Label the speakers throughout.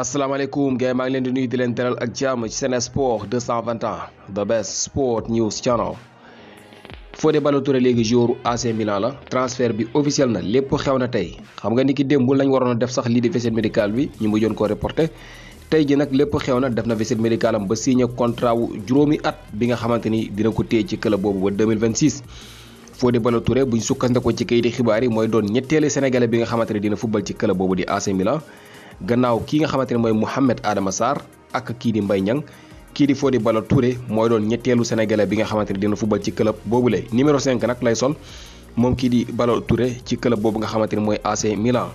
Speaker 1: asalaamaaleykum gars yi maa ngi leen di nuyu di leen teral ak jàmm ci Sen Sport 221 the best sport news channel Fodé Ballo-Touré léegi joueur AC Milan la transfert bi officiel na lépp xew na tey xam nga ni ki démb lañ waroon a def sax lii di visite médicale bi ñu mujjoon koo reporté tey ji nag lépp xew na def na visite médicale am ba signé contrat wu juróomi at bi nga xamante ni dina ko téye ci club boobu ba 2026 Fodé Ballo-Touré buñ sukkandikoo ci kayiti xibaar yi mooy doon ñetteeli sénégalais bi nga xamante ni dina football ci club boobu gannaaw ki nga xamante moy mohammed Adama sar ak ki di ture, ñang ki di fodi binga Touré moy doon ñettelu sénégalais bi nga xamante dina football ci club lay numéro 5 nak lay sol mom ki di balo Touré ci club bobu nga xamante moy AC Milan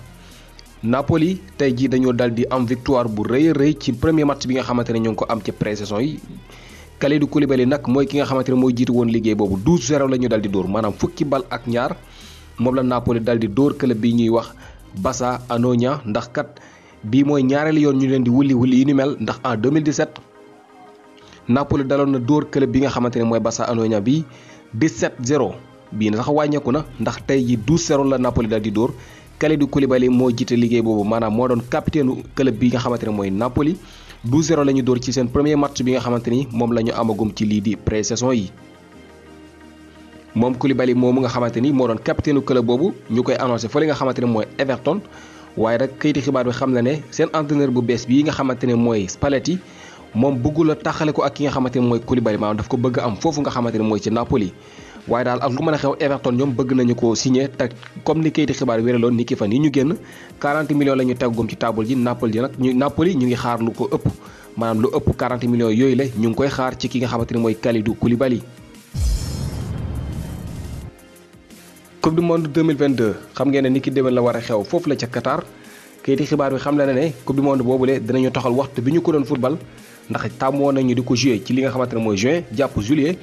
Speaker 1: Napoli tay ji dañu daldi am victoire bu reuy reuy ci premier match bi nga xamante ñu ko am ci pré-saison yi Kalidou Koulibaly nak moy ki nga xamante moy jitu won ligue bobu 12-0 lañu daldi door manam fukki bal ak ñaar mom la Napoli Daldi door club bi ñuy wax Bassa Anonia ndax kat bii mooy ñaareelu yoon ñu leen di wulli wulli yi ni mel ndax en 2017 Napoli daloon na dóor club bi nga xamante ne mooy Barça Anoña bi 17-0 bii na sax wàññeeku na ndax tey ji 12-0 la Napoli dal di dóor Kalidou kulibali moo jiite liggéey boobu maanaam moo doon capitaine club bi nga xamante ne mooy Napoli 12-0 la ñu dóor ci seen premier match bi nga xamante ni moom la amagum ci lii di pré-saison yi. moom Koulibaly moomu nga xamante ni moo doon capitaine club boobu ñu koy annoncé fa li xamante ne mooy Everton. waaye rek kayiti xibaar bi xam na ne seen entraîneur bu bees bi nga xamante ne mooy Spalletti moom bëggul a taxale ko ak ki nga xamante ne mooy Koulibaly maanaam daf ko bëgg am foofu nga xamante ne mooy ci Napoli waaye daal ak lu mën a xew Everton ñoom bëgg nañu ko signé te comme ni kayiti xibaar wéraloon ni yi ñu génn 40 millions la ñu teggum ci table ji Napoli nag ñu Napoli ñu ngi xaar lu ko ëpp maanaam lu ëpp 40 millions yooyu la ñu ngi koy xaar ci ki ne mooy Kalidou Koulibaly coupe du monde 2022 xam ngeen ne ni ki déwén la war a xew foofu la ca Qatar kayiti xibaar bi xam la ne ne coupe du monde boobule dinañu toxal waxtu bi ñu ko doon football ndax tàmmoon nañu di ko joué ci li nga xamante ne mooy juin jàpp juillet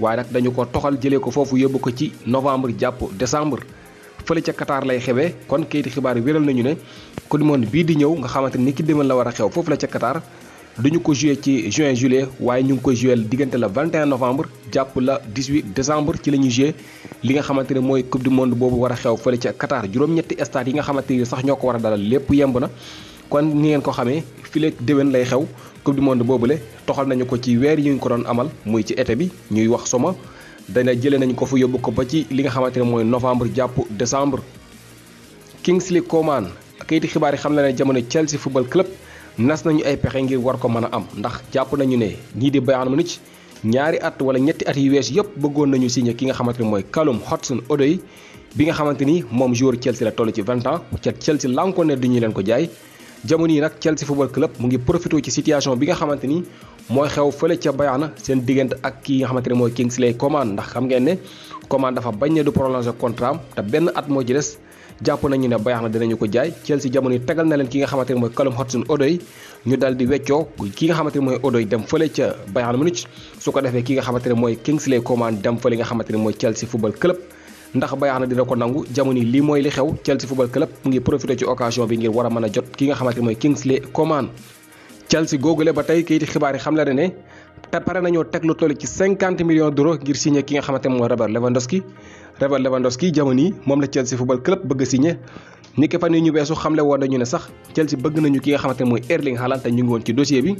Speaker 1: waaye nag dañu ko toxal jëlee ko foofu yóbbu ko ci novembre jàpp décembre fële ca Qatar lay xewee kon kayiti xibaar yi wéral nañu ne coupe du monde bii di ñëw nga xamante ni ki déwén la war a xew foofu la ca Qatar duñu ko joué ci juin juillet waaye ñu ngi ko joué diggante la 21 novembre jàpp la 18 décembre ci la ñuy joué li nga xamante ne mooy coupe du monde boobu war a xew fële ca Qatar juróom-ñetti stade yi nga xamante ni sax ñoo ko war a dalal lépp yemb na kon ni ngeen ko xamee fileeg déwén lay xew coupe du monde boobule toxal nañu ko ci weer yi ñu ko doon amal muy ci été bi ñuy wax soma dana jëlee nañ ko fu yóbbu ko ba ci li nga xamante ne mooy novembre jàpp décembre Kingsley Coman kayiti xibaar yi xam na ne jamono Chelsea football club nas nañu ay pexe ngir war ko mën a am ndax jàpp nañu ne ñii di Bayern Munich ñaari at wala ñetti at yu wees yëpp bëggoon nañu signé ki nga xamante ne mooy Callum Hudson-Odoi bi nga xamante ni moom joueur Chelsea la toll ci 20 ans ca Chelsea lànkoon ne ñu leen ko jaay jamono yi nag Chelsea football club mu ngi profité ci situation bi nga xamante ni mooy xew fële ca Bayern seen diggante ak ki nga xamante ne mooy Kingsley Coman ndax xam ngeen ne Coman dafa bañ ne du te benn at moo ci jàpp nañu ne baax na dinañu ko jaay Chelsea jamono yi tegal na leen ki nga xamante ne mooy Callum Hudson-Odoi ñu dal di weccoo ki nga xamante mooy Odoi dem fële ca Bayern Munich su ko defee ki nga xamante ne mooy Kingsley Coman dem nga xamante ne mooy Chelsea Football Club ndax Bayern na dina ko nangu jamono yi mooy li xew Chelsea Football Club mu ngi profité ci occasion bi ngir war a mën a jot ki nga xamante mooy Kingsley Coman Chelsea googule ba tey kayiti xibaar yi xam la ne te pare nañoo teg lu toll ci 50 millions d'euros ngir signé ki nga xamante ne mooy Robert Lewandowski jamono yi moom la Chelsea football club bëgg a signé ni ki fan ñu weesu xamle woon nañu ne sax Chelsea bëgg nañu ki nga xamante ne mooy Erling Haaland te ñu ngi woon ci dossier bi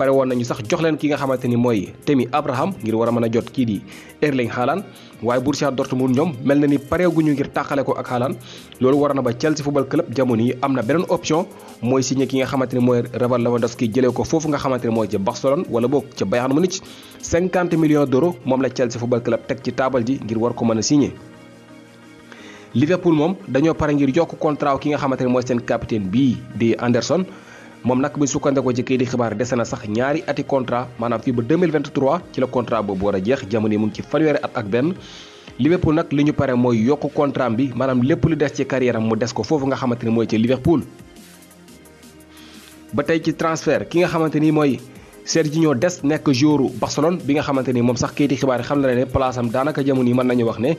Speaker 1: paré won nañu sax jox leen ki nga xamanteni moy Temi Abraham ngir wara mëna jot ki di Erling Haaland waye Borussia Dortmund ñoom mel na ni pareeguñu ngir takalé ko ak Haaland lolu war na ba Chelsea football club jamono yi am option moy signé ki nga xamanteni moy Robert Lewandowski jëlé ko fofu nga xamanteni moy ci Barcelone wala bok ci Bayern Munich 50 millions d'euros mom la Chelsea football club tek ci table ji ngir war ko mëna signé Liverpool mom dañu paré ngir yokk contrat ki nga xamanteni moy sen capitaine bi di Anderson moom nag bu sukkandekoo ci kii di xibaar dese na sax ñaari ati contrat maanaam fii ba 2023 ci la contrat boobu war a jeex jamono mu ngi ci fanweeri at ak benn Liverpool nag li ñu pare mooy yokk contrat bi maanaam lépp lu des ci carrière am mu des ko foofu nga xamante ni mooy ci Liverpool. ba tey ci transfert ki nga xamante ni mooy. Serginho des nekk joueur Barcelone bi nga xamante ni moom sax kayiti xibaar yi xam na ne place am daanaka jamono yi mën nañu wax ne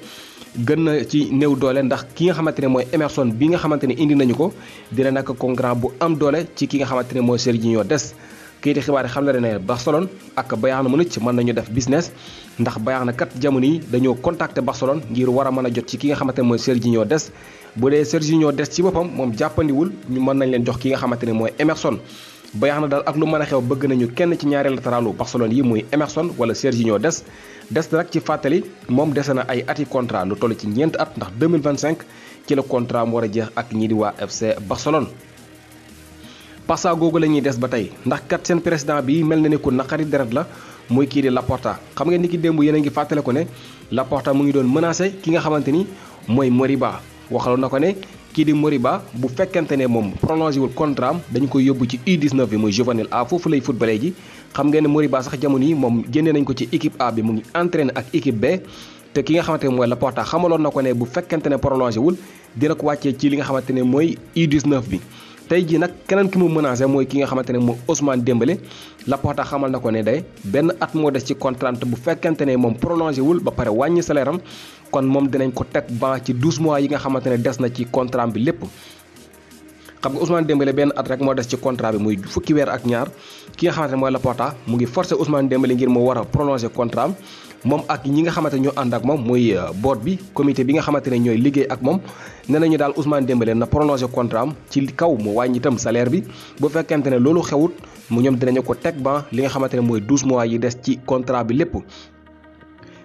Speaker 1: gën na ci néew doole ndax ki nga xamante ne mooy Emerson bi nga xamante ne indi nañu ko dina nekk concurrent bu am doole ci ki nga xamante ne mooy Serginho Dest kayiti xibaar yi xam na ne Barcelone ak na Bayern Munich mën nañu def business ndax Bayern na kat jamono yi dañoo contacter Barcelone ngir war a mën a jot ci ki nga xamante ne mooy Serginho des bu dee Serginho Dest ci boppam moom jàppandiwul ñu mën nañ leen jox ki nga xamante ne mooy Emerson bayaax na dal ak lu mën xew bëgg nañu kenn ci ñaari barcelone yi muy emerson wala Sergio des des nak ci fatali mom desena ay ati contrat lu toll ci ñent at ndax 2025 ci le contrat mo wara jeex ak ñi di wa fc barcelone passa googu lañuy dess ba tay ndax kat sen président bi mel ne ko nakari deret la muy ki di laporta xam nga niki dembu démb yéen a ko ne laporta mu ngi doon menacer ki nga xamanteni moy moriba nako ne kii di Moriba bu fekkente ne moom prolongé wul contrat am dañu koy yóbbu ci U19 bi muy juvenile A foofu lay footballé ji xam ngeen ne Moriba sax jamono yi moom génnee nañ ko ci équipe A bi mu ngi entraîné ak équipe B te ki nga xamante ne mooy Laporta xamaloon na ko ne bu fekkente ne prolongé wul dina ko wàccee ci li nga xamante ne mooy U19 bi. tey jii nag keneen ki mu menacé mooy ki nga xamante ne mooy Ousmane Dembélé Laporta xamal na ko ne day benn at moo des ci contrat bu fekkente ne moom prolongé wul ba pare wàññi salaire am kon moom dinañ ko teg ban ci 12 mois yi nga xamante ne des na ci contrat bi lépp. xam nga Ousmane Dembélé benn at rek moo des ci contrat bi muy fukki weer ak ñaar ki nga xamante ne mooy Laporta mu ngi forcé Ousmane Dembélé ngir mu war a prolongé contrat am moom ak ñi nga xamante ne ñoo ànd ak moom mooy euh, board bi comité bi nga xamante ne ñooy liggéey ak moom nee nañu daal Ousmane Dembélé na prolongé contrat am ci kaw mu wàññitam itam salaire bi bu fekkente ne loolu xewut mu ñoom dinañu ko teg ban li nga xamante ne mooy douze mois yi des ci contrat bi lépp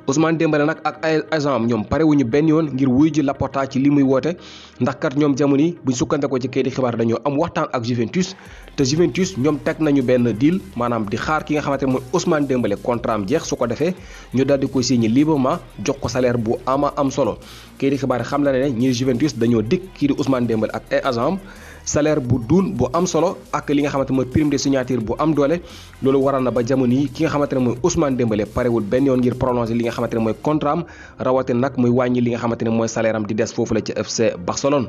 Speaker 1: Ousmane Dembélé nag ak ay agent am ñoom parewuñu benn yoon ngir wuy ji Laporta ci li muy woote ndax kat ñoom jamono yi buñ sukkandekoo ci kayiti xibaar dañoo am waxtaan ak Juventus te Juventus ñoom teg nañu benn deal maanaam di xaar ki nga xamante ne mooy Ousmane Dembélé contrat am jeex su ko defee ñu daal di ko signé librement jox ko salaire bu ama am solo kayiti xibaar yi xam la ne ñi Juventus dañoo dikk kii di Ousmane ak ay agent am salaire bu duun bu am solo ak li nga xamante mooy prime de signature bu am doole loolu waral na ba jamono yi ki nga xamante ne mooy Ousmane Dembélé parewul benn yoon ngir prolonger li nga xamante ne mooy contrat am rawatina nag muy wàññi li nga xamante ne mooy salaire am di des foofu la ca FC Barcelone.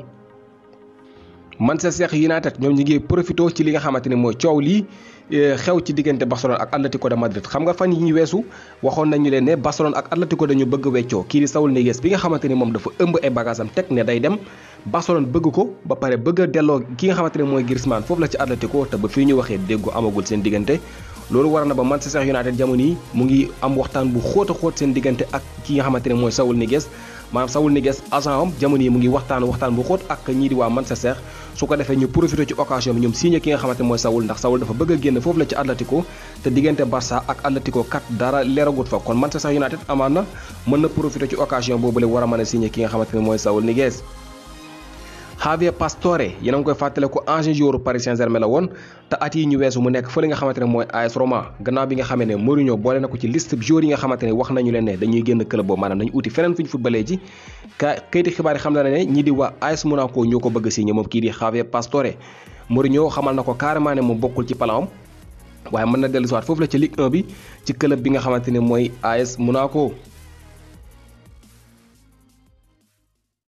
Speaker 1: Manchester United ñoom ñi ngi profité ci li nga xamante ne mooy coow lii eh, xew ci diggante Barcelone ak Atlético de Madrid xam nga fan yi ñu weesu waxoon nañu leen ne Barcelone ak Atlético dañu bëgg weccoo kii di Saúl bi nga xamante ne moom dafa ëmb ay bagages am teg day dem. Barcelone bëgg ko ba pare bëgg delloo ki nga xamante ne mooy Griezmann foofu la ci Atlético te ba fii ñu waxee déggu amagul seen diggante loolu war na ba Manchester United jamono yi mu ngi am waxtaan bu xóot a seen diggante ak ki nga xamante ne mooy Saúl Ñíguez maanaam Saúl Ñíguez agent jamono yi mu ngi waxtaan waxtaan bu xóot ak ñii di waa Manchester su ko defee ñu profité ci occasion bi ñoom nga xamante mooy Saúl ndax Saúl dafa bëgg a génn foofu la ci Atlético te diggante Barça ak Atlético kat dara leeragut fa kon Manchester United amaan na mën na profité ci occasion boobule war a mën a signé ki nga xamante ne mooy Saúl Ñíguez Javier Pastore yéen a ngi koy fàttale ko ancien joueur Paris Saint-Germain la woon te at yi ñu weesu mu nekk fële nga xamante mooy AS Roma gannaaw bi nga xamee ne Mourinho boole na ko ci liste joueurs yi nga xamante wax nañu leen dañuy génn club boobu maanaam dañu uti feneen fu ñu footballee ji ka kayiti xibaar yi xam na ne ñi di waa AS Monaco ñoo ko bëgg a signé moom kii di Javier Pastore Mourinho xamal na ko carrément ne bokkul ci plan waaye mën